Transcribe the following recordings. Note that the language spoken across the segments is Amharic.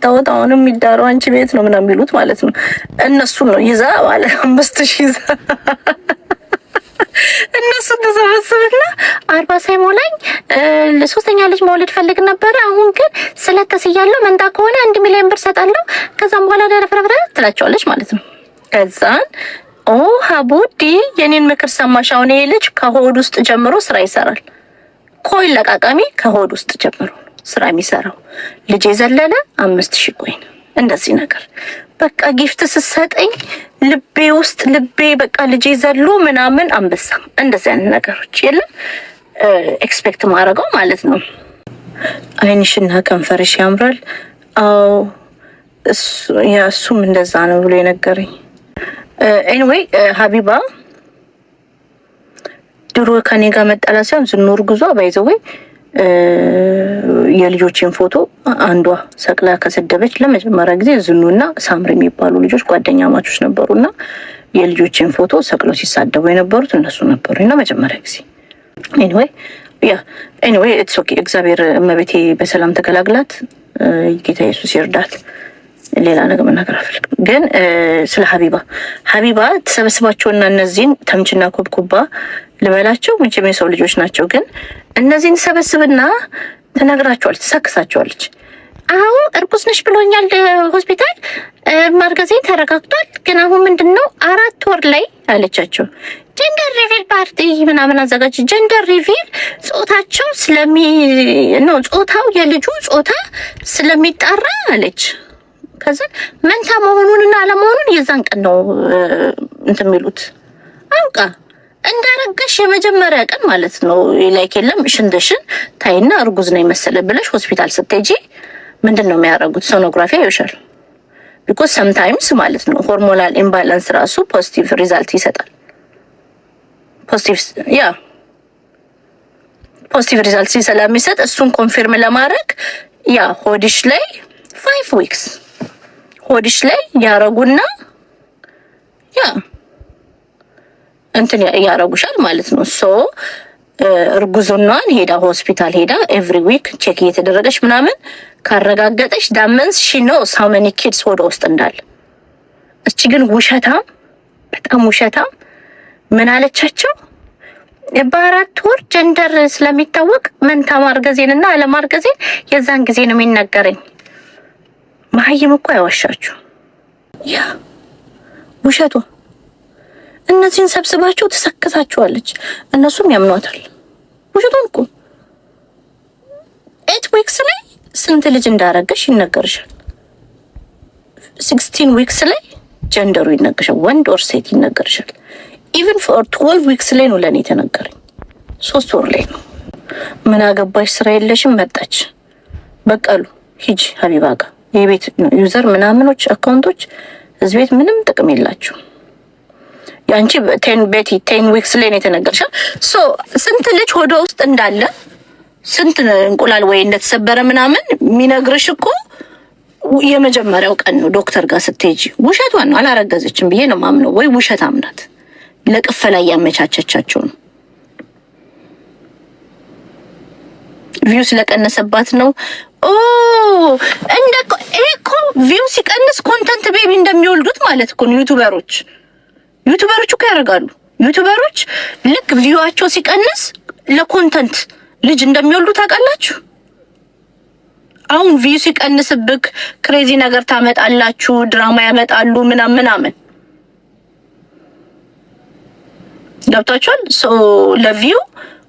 የምታወጣ አሁን የሚዳረው አንቺ ቤት ነው ምናምን የሚሉት ማለት ነው። እነሱን ነው ይዛ ባለ አምስት ሺህ ይዛ እነሱ ተሰበሰብና አርባ ሳይሞላኝ ለሶስተኛ ልጅ መውለድ ፈልግ ነበረ። አሁን ግን ስለከስ እያለሁ መንታ ከሆነ አንድ ሚሊዮን ብር ሰጣለሁ። ከዛም በኋላ ደረፍረፍረ ትላቸዋለች ማለት ነው። ከዛን ኦ ሀቡዲ የኔን ምክር ሰማሽ? አሁን ይሄ ልጅ ከሆድ ውስጥ ጀምሮ ስራ ይሰራል። ኮይል ለቃቃሚ ከሆድ ውስጥ ጀምሮ ነው ስራ የሚሰራው ልጄ ዘለለ አምስት ሺህ ኮይን እንደዚህ ነገር በቃ ጊፍት ስሰጠኝ ልቤ ውስጥ ልቤ በቃ ልጄ ዘሎ ምናምን አንበሳ እንደዚህ አይነት ነገሮች የለም ኤክስፔክት ማድረገው ማለት ነው። አይንሽና ከንፈርሽ ያምራል። አዎ እሱም እንደዛ ነው ብሎ የነገረኝ። ኤኒዌይ ሀቢባ ድሮ ከኔ ጋር መጣላት ሳይሆን ዝኑር ጉዞ ባይዘወይ የልጆችን ፎቶ አንዷ ሰቅላ ከሰደበች ለመጀመሪያ ጊዜ ዝኑና ሳምር የሚባሉ ልጆች ጓደኛ ማቾች ነበሩ ነበሩና የልጆችን ፎቶ ሰቅለው ሲሳደቡ የነበሩት እነሱ ነበሩ እና መጀመሪያ ጊዜ ኤኒዌይ ያ ኤኒዌይ ኢትስ ኦኬ። እግዚአብሔር እመቤቴ በሰላም ተገላግላት፣ ጌታ ኢየሱስ ይርዳት። ሌላ ነገር መናገር አልፈልግም። ግን ስለ ሀቢባ ሀቢባ ተሰበስባቸውና እነዚህን ተምችና ኮብኩባ ልበላቸው መቼም የሰው ልጆች ናቸው። ግን እነዚህን ሰበስብና ትነግራቸዋለች፣ ትሰክሳቸዋለች። አዎ እርጉዝ ነሽ ብሎኛል ሆስፒታል፣ ማርገዜን ተረጋግቷል። ግን አሁን ምንድን ነው አራት ወር ላይ አለቻቸው። ጀንደር ሪቪል ፓርቲ ምናምን አዘጋጅ። ጀንደር ሪቪል ጾታቸው ስለሚ ነው ጾታው የልጁ ጾታ ስለሚጣራ አለች። ከዛ መንታ መሆኑንና አለመሆኑን የዛን ቀን ነው እንትን የሚሉት አውቃ እንዳረገሽ የመጀመሪያ ቀን ማለት ነው ላይክ የለም ሽንትሽን ታይና እርጉዝ ነው የመሰለ ብለሽ ሆስፒታል ስትሄጂ ምንድን ነው የሚያደርጉት? ሶኖግራፊ ያዩሻል። ቢኮዝ ሰምታይምስ ማለት ነው ሆርሞናል ኢምባላንስ ራሱ ፖዚቲቭ ሪዛልት ይሰጣል። ፖዚቲቭ ያ ፖዚቲቭ ሪዛልት ስለሚሰጥ እሱን ኮንፊርም ለማድረግ ያ ሆዲሽ ላይ ፋይቭ ዊክስ ሆዲሽ ላይ ያረጉና ያ እንትን እያረጉሻል ማለት ነው። ሶ እርጉዝናን ሄዳ ሆስፒታል ሄዳ ኤቭሪ ዊክ ቼክ እየተደረገች ምናምን ካረጋገጠች ዳመንስ ሺ ኖስ ሃው መኒ ኪድስ ሆዷ ውስጥ እንዳለ። እች ግን ውሸታም፣ በጣም ውሸታም ምን አለቻቸው? በአራት ወር ጀንደር ስለሚታወቅ መንታ ማርገዜን እና አለማርገዜን የዛን ጊዜ ነው የሚነገረኝ። መሀይም እኮ አይዋሻችሁ ያ ውሸቱ እነዚህን ሰብስባቸው ትሰክታቸዋለች። እነሱም ያምኗታል። ውሸቷን እኮ ኤት ዊክስ ላይ ስንት ልጅ እንዳረገሽ ይነገርሻል። ሲክስቲን ዊክስ ላይ ጀንደሩ ይነገርሻል፣ ወንድ ኦር ሴት ይነገርሻል። ኢቨን ፎር ትወልቭ ዊክስ ላይ ነው ለእኔ የተነገረኝ፣ ሶስት ወር ላይ ነው። ምን አገባሽ ስራ የለሽም መጣች በቀሉ ሂጂ ሀቢባ ጋር የቤት ዩዘር ምናምኖች አካውንቶች እዚህ ቤት ምንም ጥቅም የላቸውም። ያንቺ ቤቲ ቴን ዊክስ ላይ ነው የተነገርሻል። ሶ ስንት ልጅ ሆዶ ውስጥ እንዳለ ስንት እንቁላል ወይ እንደተሰበረ ምናምን የሚነግርሽ እኮ የመጀመሪያው ቀን ነው ዶክተር ጋር ስትሄጂ። ውሸቷ ነው አላረገዘችም ብዬ ነው ማምነው። ወይ ውሸት አምናት ለቅፈላ እያመቻቸቻቸው ነው። ቪው ስለቀነሰባት ነው። ኦ እንደ ይሄ እኮ ቪው ሲቀንስ ኮንተንት ቤቢ እንደሚወልዱት ማለት እኮ ነው ዩቱበሮች ዩቱበሮች እኮ ያደርጋሉ። ዩቱበሮች ልክ ቪዋቸው ሲቀንስ ለኮንተንት ልጅ እንደሚወልዱ ታውቃላችሁ። አሁን ቪዩ ሲቀንስብክ ክሬዚ ነገር ታመጣላችሁ፣ ድራማ ያመጣሉ ምናምን ምናምን ገብታችኋል? ሶ ለቪዩ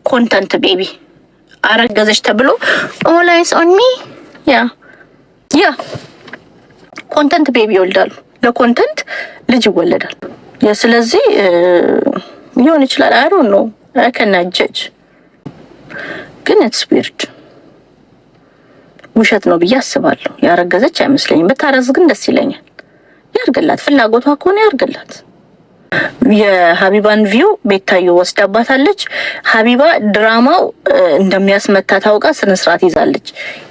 ኮንተንት ቤቢ አረገዘች ተብሎ ኦላይስ ኦን ሚ ያ ያ ኮንተንት ቤቢ ይወልዳሉ። ለኮንተንት ልጅ ይወለዳል። ስለዚህ ሊሆን ይችላል። አይሮ ነው ኖ ጀጅ ግን ኢትስ ዊርድ ውሸት ነው ብዬ አስባለሁ። ያረገዘች አይመስለኝም። ብታረዝ ግን ደስ ይለኛል። ያርግላት፣ ፍላጎቷ ከሆነ ያርግላት። የሀቢባን ቪው ቤታዮ ወስዳባታለች። ሀቢባ ድራማው እንደሚያስመታ ታውቃ ስነስርዓት ይዛለች።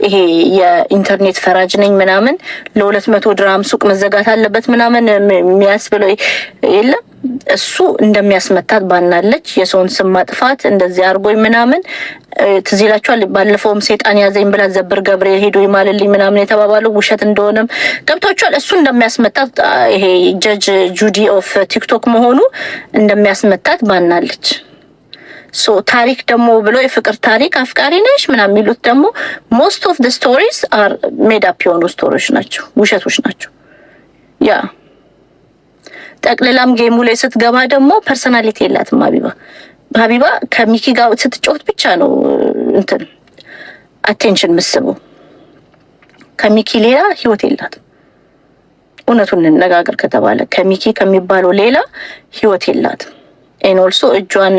ይሄ የኢንተርኔት ፈራጅ ነኝ ምናምን ለሁለት መቶ ድራም ሱቅ መዘጋት አለበት ምናምን የሚያስብለው የለም እሱ እንደሚያስመታት ባናለች። የሰውን ስም ማጥፋት እንደዚህ አርጎኝ ምናምን ትዝ ይላችኋል። ባለፈውም ሴጣን ያዘኝ ብላ ዘብር ገብርኤል ሄዶ ይማልልኝ ምናምን የተባባለው ውሸት እንደሆነም ገብቷችኋል። እሱ እንደሚያስመታት ይሄ ጀጅ ጁዲ ኦፍ ቲክቶክ መሆኑ እንደሚያስመታት ባናለች። ሶ ታሪክ ደግሞ ብሎ የፍቅር ታሪክ አፍቃሪ ነሽ ምናምን የሚሉት ደግሞ ሞስት ኦፍ ስቶሪስ አር ሜድ አፕ የሆኑ ስቶሪዎች ናቸው፣ ውሸቶች ናቸው ያ ጠቅልላም ጌሙ ላይ ስትገባ ደግሞ ፐርሰናሊቲ የላትም ሀቢባ። ሀቢባ ከሚኪ ጋር ስትጫወት ብቻ ነው እንትን አቴንሽን ምስቡ ከሚኪ ሌላ ህይወት የላትም። እውነቱን እንነጋገር ከተባለ ከሚኪ ከሚባለው ሌላ ህይወት የላትም። ኤን ኦልሶ እጇን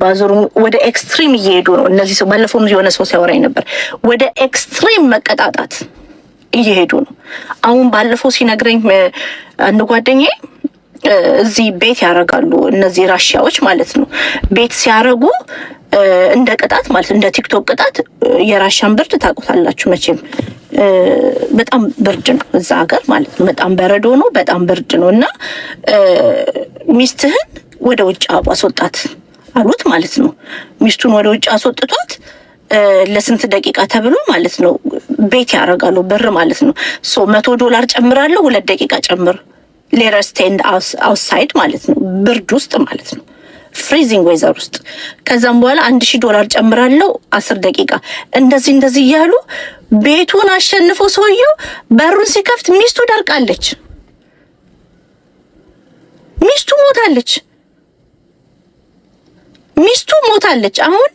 ባዙሩ ወደ ኤክስትሪም እየሄዱ ነው እነዚህ ሰው። ባለፈውም የሆነ ሰው ሲያወራኝ ነበር፣ ወደ ኤክስትሪም መቀጣጣት እየሄዱ ነው። አሁን ባለፈው ሲነግረኝ አንድ ጓደኛዬ እዚህ ቤት ያደርጋሉ እነዚህ ራሽያዎች ማለት ነው። ቤት ሲያደርጉ እንደ ቅጣት ማለት እንደ ቲክቶክ ቅጣት የራሻን ብርድ ታውቁታላችሁ መቼም በጣም ብርድ ነው እዛ ሀገር ማለት ነው። በጣም በረዶ ነው፣ በጣም ብርድ ነው እና ሚስትህን ወደ ውጭ አስወጣት አሉት ማለት ነው። ሚስቱን ወደ ውጭ አስወጥቷት ለስንት ደቂቃ ተብሎ ማለት ነው ቤት ያደርጋሉ ብር ማለት ነው። መቶ ዶላር ጨምራለሁ፣ ሁለት ደቂቃ ጨምር ሌተር ስቴንድ አውትሳይድ ማለት ነው፣ ብርድ ውስጥ ማለት ነው፣ ፍሪዚንግ ዌዘር ውስጥ። ከዛም በኋላ አንድ ሺህ ዶላር ጨምራለው፣ አስር ደቂቃ እንደዚህ እንደዚህ እያሉ ቤቱን አሸንፎ ሰውየው በሩን ሲከፍት ሚስቱ ደርቃለች፣ ሚስቱ ሞታለች፣ ሚስቱ ሞታለች። አሁን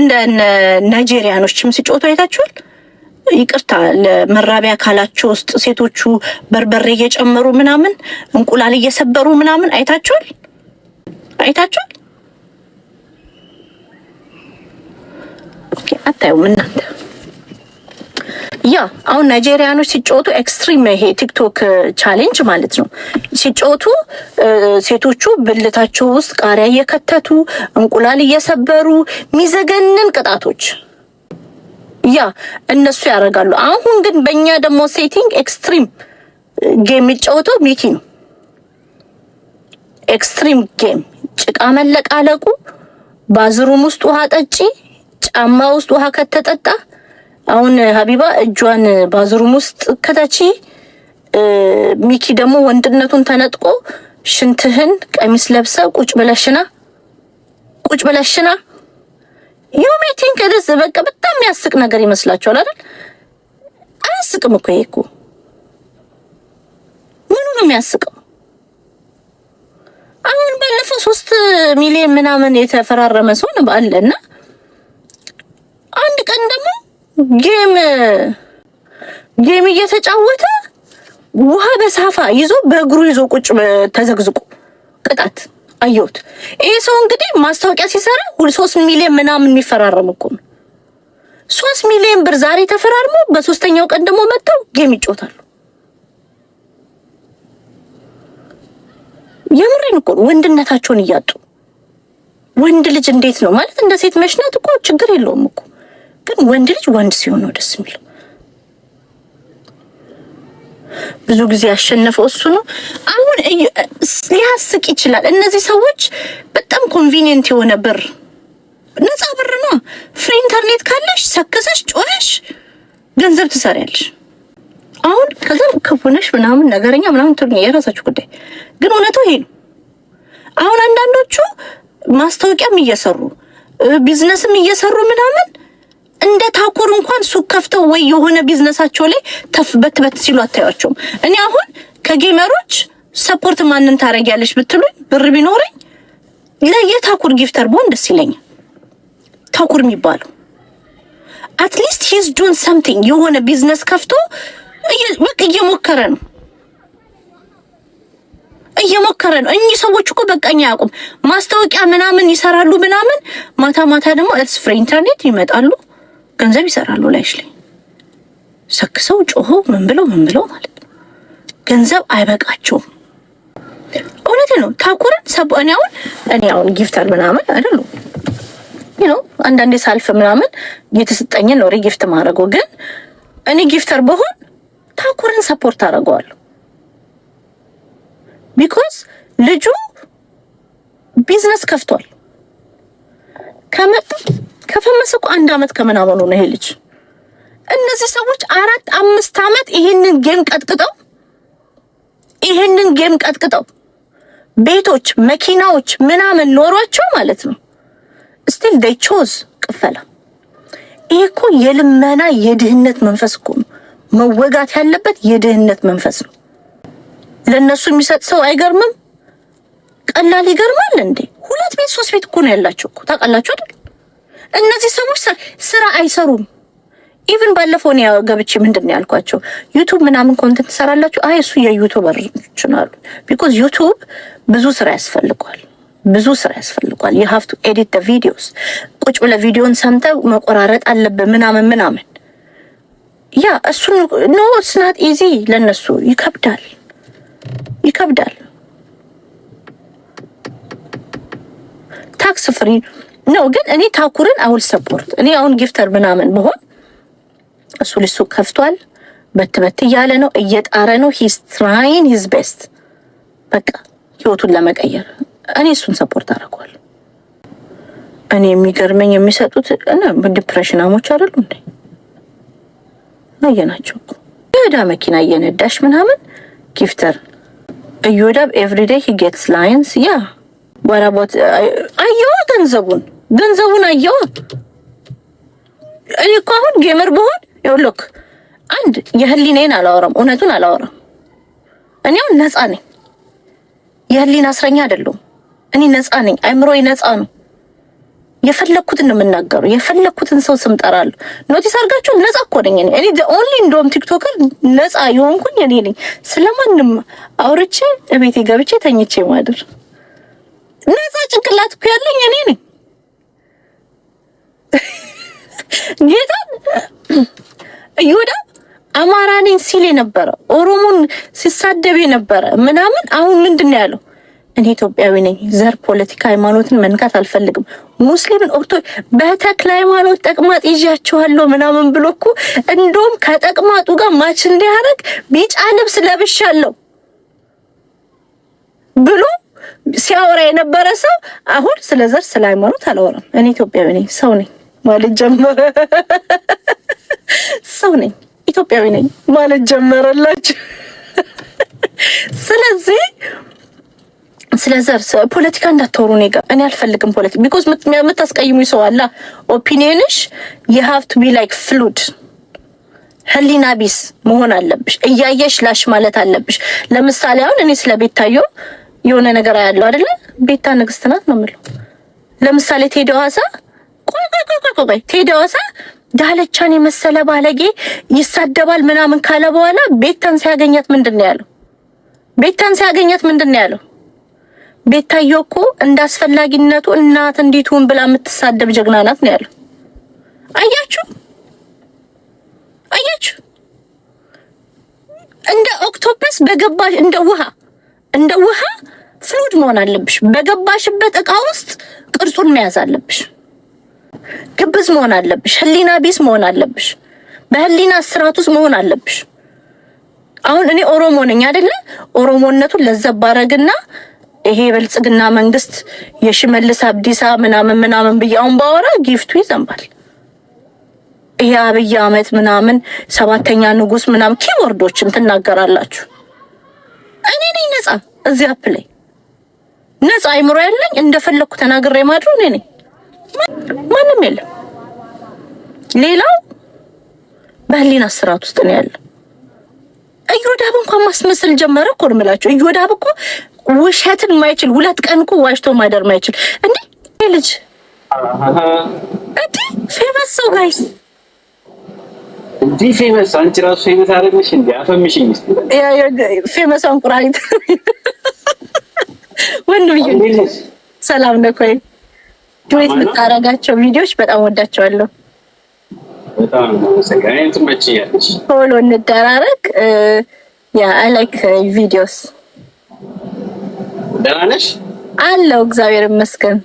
እንደ ናይጄሪያኖችም ሲጮቱ አይታችኋል። ይቅርታ ለመራቢያ አካላቸው ውስጥ ሴቶቹ በርበሬ እየጨመሩ ምናምን እንቁላል እየሰበሩ ምናምን አይታችኋል አይታችኋል? አታዩም እናንተ? ያ አሁን ናይጄሪያኖች ሲጫወቱ ኤክስትሪም ይሄ ቲክቶክ ቻሌንጅ ማለት ነው። ሲጫወቱ ሴቶቹ ብልታቸው ውስጥ ቃሪያ እየከተቱ እንቁላል እየሰበሩ ሚዘገንን ቅጣቶች ያ እነሱ ያደርጋሉ። አሁን ግን በእኛ ደግሞ ሴቲንግ ኤክስትሪም ጌም የሚጫወተው ሚኪ ነው። ኤክስትሪም ጌም ጭቃ መለቃለቁ፣ ባዝሩም ውስጥ ውሃ ጠጪ፣ ጫማ ውስጥ ውሃ ከተጠጣ አሁን ሀቢባ እጇን ባዝሩም ውስጥ ከተቺ፣ ሚኪ ደግሞ ወንድነቱን ተነጥቆ ሽንትህን ቀሚስ ለብሰ ቁጭ ብለሽና ቁጭ ብለሽና ዩ ሜቲንግ ደስ በቃ በጣም የሚያስቅ ነገር ይመስላችኋል አይደል? አያስቅም እኮ ይሄ እኮ ምኑ ነው የሚያስቀው? አሁን ባለፈው ሶስት ሚሊዮን ምናምን የተፈራረመ ሰው አለ እና አንድ ቀን ደግሞ ጌም ጌም እየተጫወተ ውሃ በሳፋ ይዞ በእግሩ ይዞ ቁጭ ተዘግዝቁ ቅጣት አየሁት። ይሄ ሰው እንግዲህ ማስታወቂያ ሲሰራ ሁል ሶስት ሚሊዮን ምናምን የሚፈራረም እኮ ነው። ሶስት ሚሊዮን ብር ዛሬ ተፈራርሞ በሶስተኛው ቀን ደግሞ መጥተው ጌም ይጮታሉ። የምሬን እኮ ወንድነታቸውን እያጡ ወንድ ልጅ እንዴት ነው ማለት እንደ ሴት መሽናት እኮ ችግር የለውም እኮ ግን ወንድ ልጅ ወንድ ሲሆን ነው ደስ የሚለው። ብዙ ጊዜ ያሸነፈው እሱ ነው። አሁን ሊያስቅ ይችላል። እነዚህ ሰዎች በጣም ኮንቪኒየንት የሆነ ብር ነፃ ብር ነው። ፍሪ ኢንተርኔት ካለሽ ሰከሰሽ ጮነሽ ገንዘብ ትሰሪያለሽ። አሁን ከዛ ክፉነሽ ምናምን ነገረኛ ምናምን ትሉ የራሳችሁ ጉዳይ፣ ግን እውነቱ ይሄ ነው። አሁን አንዳንዶቹ ማስታወቂያም እየሰሩ ቢዝነስም እየሰሩ ምናምን እንደ ታኩር እንኳን ሱቅ ከፍተው ወይ የሆነ ቢዝነሳቸው ላይ ተፍ በትበት ሲሉ አታያቸውም። እኔ አሁን ከጌመሮች ሰፖርት ማንን ታደርጊያለሽ ብትሉኝ ብር ቢኖረኝ ለየታኩር ጊፍተር ቦን ደስ ይለኛል። ታኩር የሚባለው አትሊስት ሂዝ ዱን ሰምቲንግ የሆነ ቢዝነስ ከፍቶ በቃ እየሞከረ ነው እየሞከረ ነው። እኚህ ሰዎች እኮ በቃኛ አያውቁም። ማስታወቂያ ምናምን ይሰራሉ ምናምን፣ ማታ ማታ ደግሞ እርስ ፍሬ ኢንተርኔት ይመጣሉ ገንዘብ ይሰራሉ ላይሽ ላይ ሰክሰው ጮሆ ምን ብለው ምን ብለው ማለት ነው። ገንዘብ አይበቃቸውም። እውነት ነው። ታኩረን ሰብ እኔ አሁን እኔ አሁን ጊፍተር ምናምን አይደሉም ነው አንዳንዴ ሳልፍ ምናምን የተሰጠኝን ነው ጊፍት ማድረገው። ግን እኔ ጊፍተር በሆን ታኩርን ሰፖርት አደርገዋለሁ። ቢኮዝ ልጁ ቢዝነስ ከፍቷል ከመጣ ከፈመሰ እኮ አንድ አመት ከምናምን ነው ይሄ ልጅ። እነዚህ ሰዎች አራት አምስት አመት ይሄንን ጌም ቀጥቅጠው ይሄንን ጌም ቀጥቅጠው ቤቶች፣ መኪናዎች ምናምን ኖሯቸው ማለት ነው። ስቲል ዴይ ቾዝ ቅፈላ። ይሄ እኮ የልመና የድህነት መንፈስ እኮ ነው። መወጋት ያለበት የድህነት መንፈስ ነው። ለነሱ የሚሰጥ ሰው አይገርምም? ቀላል ይገርማል እንዴ! ሁለት ቤት ሶስት ቤት እኮ ነው ያላቸው እኮ ታውቃላችሁ አይደል? እነዚህ ሰዎች ስራ አይሰሩም። ኢቭን ባለፈው እኔ ገብቼ ምንድን ነው ያልኳቸው ዩቱብ ምናምን ኮንተንት ትሰራላችሁ? አይ እሱ የዩቱበሮች አሉ። ቢኮዝ ዩቱብ ብዙ ስራ ያስፈልጓል፣ ብዙ ስራ ያስፈልጓል። ዩ ሃቭ ቱ ኤዲት ደ ቪዲዮስ። ቁጭ ብለህ ቪዲዮን ሰምተህ መቆራረጥ አለብህ ምናምን ምናምን። ያ እሱ ኖ ናት ኢዚ ለነሱ ይከብዳል፣ ይከብዳል ታክስ ፍሪ ነው ግን እኔ ታኩርን አውል ሰፖርት እኔ አሁን ጊፍተር ምናምን ብሆን እሱ ልሱ ከፍቷል። በትበት እያለ ነው፣ እየጣረ ነው። ሂስ ትራይን ሂዝ ቤስት በቃ ህይወቱን ለመቀየር እኔ እሱን ሰፖርት አደርገዋለሁ። እኔ የሚገርመኝ የሚሰጡት ዲፕሬሽናሞች አይደሉ እንዴ? አየናቸው የዳ መኪና እየነዳሽ ምናምን ጊፍተር እዮዳብ ኤቭሪዴይ ሂ ጌትስ ላይንስ ያ ባላባት አየዋ ገንዘቡን ገንዘቡን አየዋ። እኔ እኮ አሁን ጌመር ብሆን ይኸውልህ፣ አንድ የህሊኔን አላወራም፣ እውነቱን አላወራም። እኔ አሁን ነፃ ነኝ፣ የህሊና እስረኛ አይደለሁም። እኔ ነፃ ነኝ፣ አይምሮዬ ነፃ ነው። የፈለኩትን ነው የምናገረው። የፈለኩትን ሰው ስም ጠራለሁ። ኖቲስ አድርጋችሁ ነፃ እኮ ነኝ እኔ እኔ ኦንሊ እንደውም ቲክቶከር ነፃ የሆንኩኝ እኔ ነኝ። ስለማንም አውርቼ እቤቴ ገብቼ ተኝቼ ማድር ነፃ ጭንቅላት እኮ ያለኝ እኔ ነኝ። ጌታ ይሁዳ አማራ ነኝ ሲል የነበረ ኦሮሞን ሲሳደብ የነበረ ምናምን አሁን ምንድን ነው ያለው? እኔ ኢትዮጵያዊ ነኝ፣ ዘር፣ ፖለቲካ፣ ሃይማኖትን መንካት አልፈልግም። ሙስሊምን ኦርቶ በተክለ ሃይማኖት ጠቅማጥ ይዣችኋለሁ ምናምን ብሎ እኮ እንደውም ከጠቅማጡ ጋር ማች እንዲያደርግ ቢጫ ልብስ ለብሻለሁ ብሎ ሲያወራ የነበረ ሰው አሁን ስለ ዘር ስለ ሃይማኖት አላወራም። እኔ ኢትዮጵያዊ ነኝ፣ ሰው ነኝ ማለት ጀመረ። ሰው ነኝ፣ ኢትዮጵያዊ ነኝ ማለት ጀመረላችሁ። ስለዚህ ስለ ዘር ፖለቲካ እንዳታወሩ እኔ ጋር። እኔ አልፈልግም ፖለቲካ ቢኮዝ የምታስቀይሙ ሰው አላ። ኦፒኒየንሽ የሀቭ ቱ ቢ ላይክ ፍሉድ ህሊና ቢስ መሆን አለብሽ። እያየሽ ላሽ ማለት አለብሽ። ለምሳሌ አሁን እኔ ስለ ቤታየው የሆነ ነገር ያለው አይደለ? ቤታ ንግስት ናት ነው የምለው። ለምሳሌ ቴዲ ሀዋሳ ቆይ ቆይ ቆይ ቆይ ቆይ ቴዲ ሀዋሳ ዳለቻን የመሰለ ባለጌ ይሳደባል ምናምን ካለ በኋላ ቤታን ሲያገኛት ምንድን ነው ያለው? ቤታን ሲያገኛት ምንድን ነው ያለው? ቤታዬ እኮ እንደ አስፈላጊነቱ እናት እንዲቱን ብላ የምትሳደብ ጀግና ናት ነው ያለው። አያችሁ አያችሁ፣ እንደ ኦክቶፐስ በገባሽ እንደ ውሃ እንደ ውሃ ፍሉድ መሆን አለብሽ። በገባሽበት እቃ ውስጥ ቅርጹን መያዝ አለብሽ። ግብዝ መሆን አለብሽ። ህሊና ቢስ መሆን አለብሽ። በህሊና ስርዓት ውስጥ መሆን አለብሽ። አሁን እኔ ኦሮሞ ነኝ አይደለ? ኦሮሞነቱን ለዘብ ባረግና ይሄ የብልጽግና መንግስት የሽመልስ አብዲሳ ምናምን ምናምን ብዬ አሁን ባወራ ጊፍቱ ይዘንባል። ይሄ አብይ አመት ምናምን ሰባተኛ ንጉስ ምናምን ኪወርዶችን ትናገራላችሁ። እኔ ነኝ ነፃ። እዚህ አፕ ላይ ነፃ አይምሮ ያለኝ እንደፈለኩ ተናግሬ ማድሮ እኔ ነኝ፣ ማንም የለም። ሌላው በህሊና ስርዓት ውስጥ ነው ያለው። እዮዳብ እንኳን ማስመሰል ጀመረ እኮ ነው የምላቸው። እዮዳብ እኮ ውሸትን ማይችል ሁለት ቀን እኮ ዋሽቶ ማደር ማይችል እንዴ ልጅ እንዴ ፌመስ ሰው ጋይስ እንጂ ፌመስ አንቺ ራሱ ፌመስ አደረግሽ እንዴ? አፈምሽኝ ፌመስ አንቁራሪት ወንድምዬ፣ ሰላም ነው ኮይ ዱዌት የምታደርጋቸው ቪዲዮዎች በጣም ወዳቸዋለሁ። በጣም ነው ሰጋይን ትመችያለሽ። ቶሎ እንደራረግ ያ አይ ላይክ ቪዲዮስ። ደህና ነሽ? አለው እግዚአብሔር ይመስገን።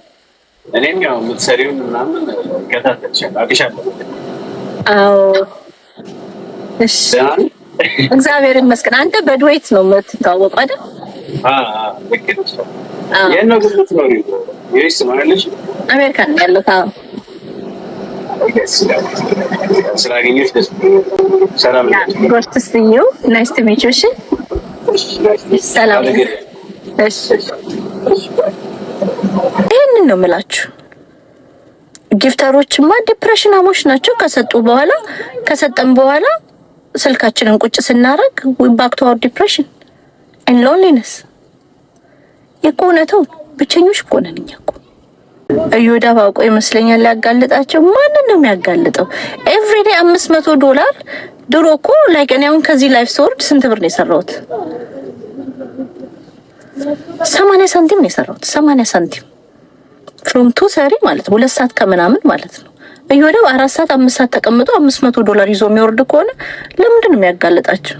እኔም ያው የምትሰሪውን ምናምን ከታተልሻለሁ፣ አዎ እግዚአብሔር ይመስገን። አንተ በድዌት ነው የምትታወቀው አይደል? አሜሪካን ነው ያለው። ስላገኘሁሽ ደስ ሰላም ነው። ናይስ ቱ ሚት ሰላም ይህንን ነው የምላችሁ። ጊፍተሮችማ ዲፕሬሽን አሞች ናቸው። ከሰጡ በኋላ ከሰጠን በኋላ ስልካችንን ቁጭ ስናረግ ባክ ቱ አወር ዲፕሬሽን ኤንድ ሎንሊነስ የእኮ ብቸኞች እኮ ነን እኛ እኮ እዮዳ ባውቆ ይመስለኛል ያጋልጣቸው። ማንን ነው የሚያጋልጠው? ኤቭሪዴ አምስት መቶ ዶላር ድሮ እኮ ላይክ እኔ አሁን ከዚህ ላይፍ ስወርድ ስንት ብር ነው የሰራሁት? ሰማንያ ሳንቲም ነው የሰራሁት። ሰማንያ ሳንቲም ፍሮም ቱ ሰሪ ማለት ሁለት ሰዓት ከምናምን ማለት ነው። እየወደብ አራት ሰዓት አምስት ሰዓት ተቀምጦ አምስት መቶ ዶላር ይዞ የሚወርድ ከሆነ ለምንድን ነው የሚያጋለጣቸው?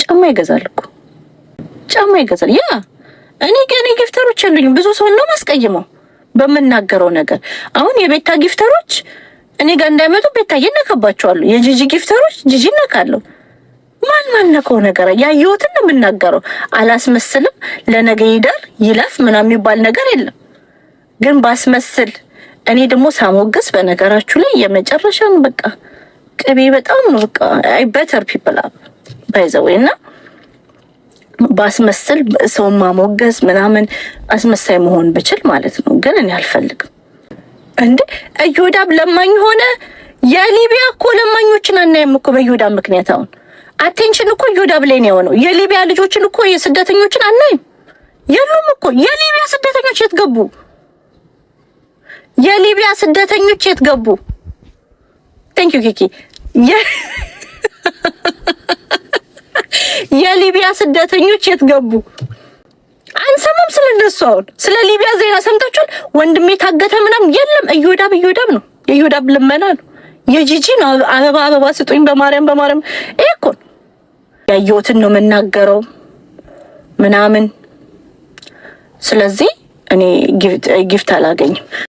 ጫማ ይገዛል እኮ ጫማ ይገዛል። ያ እኔ እኔ ጊፍተሮች የሉኝም። ብዙ ሰው ነው ማስቀይመው በምናገረው ነገር። አሁን የቤታ ጊፍተሮች እኔ ጋር እንዳይመጡ ቤታ ይነካባቸዋሉ። የጂጂ ጊፍተሮች ጂጂ ነካለሁ። ማን ማነከው ነገር ያየሁትን ነው የምናገረው። አላስመስልም። ለነገ ይዳር ይለፍ ምናምን የሚባል ነገር የለም። ግን ባስመስል እኔ ደግሞ ሳሞገስ በነገራችሁ ላይ የመጨረሻን በቃ ቅቤ በጣም ነው በቃ አይ በተር ፒፕል አፕ ባይዘው እና ባስመስል ሰው ማሞገስ ምናምን አስመሳይ መሆን ብችል ማለት ነው። ግን እኔ አልፈልግም። እንዴ እዮዳብ ለማኝ ሆነ። የሊቢያ እኮ ለማኞችን አናይም እኮ በዮዳብ ምክንያት። አሁን አቴንሽን እኮ ዮዳብ ላይ ነው የሆነው። የሊቢያ ልጆችን እኮ የስደተኞችን አናይም። የሉም እኮ የሊቢያ ስደተኞች የት ገቡ? የኢትዮጵያ ስደተኞች የት ገቡ? ቴንክ ዩ ኪኪ። የሊቢያ ስደተኞች የት ገቡ? አንሰማም ስለነሱ። አሁን ስለ ሊቢያ ዜና ሰምታችኋል? ወንድሜ ታገተ ምናምን የለም። እዮዳብ እዮዳብ ነው፣ የእዮዳብ ልመና ነው። የጂጂ ነው። አበባ አበባ ስጡኝ፣ በማርያም በማርያም። ይሄ እኮ ያየሁትን ነው የምናገረው ምናምን። ስለዚህ እኔ ጊፍት አላገኝም።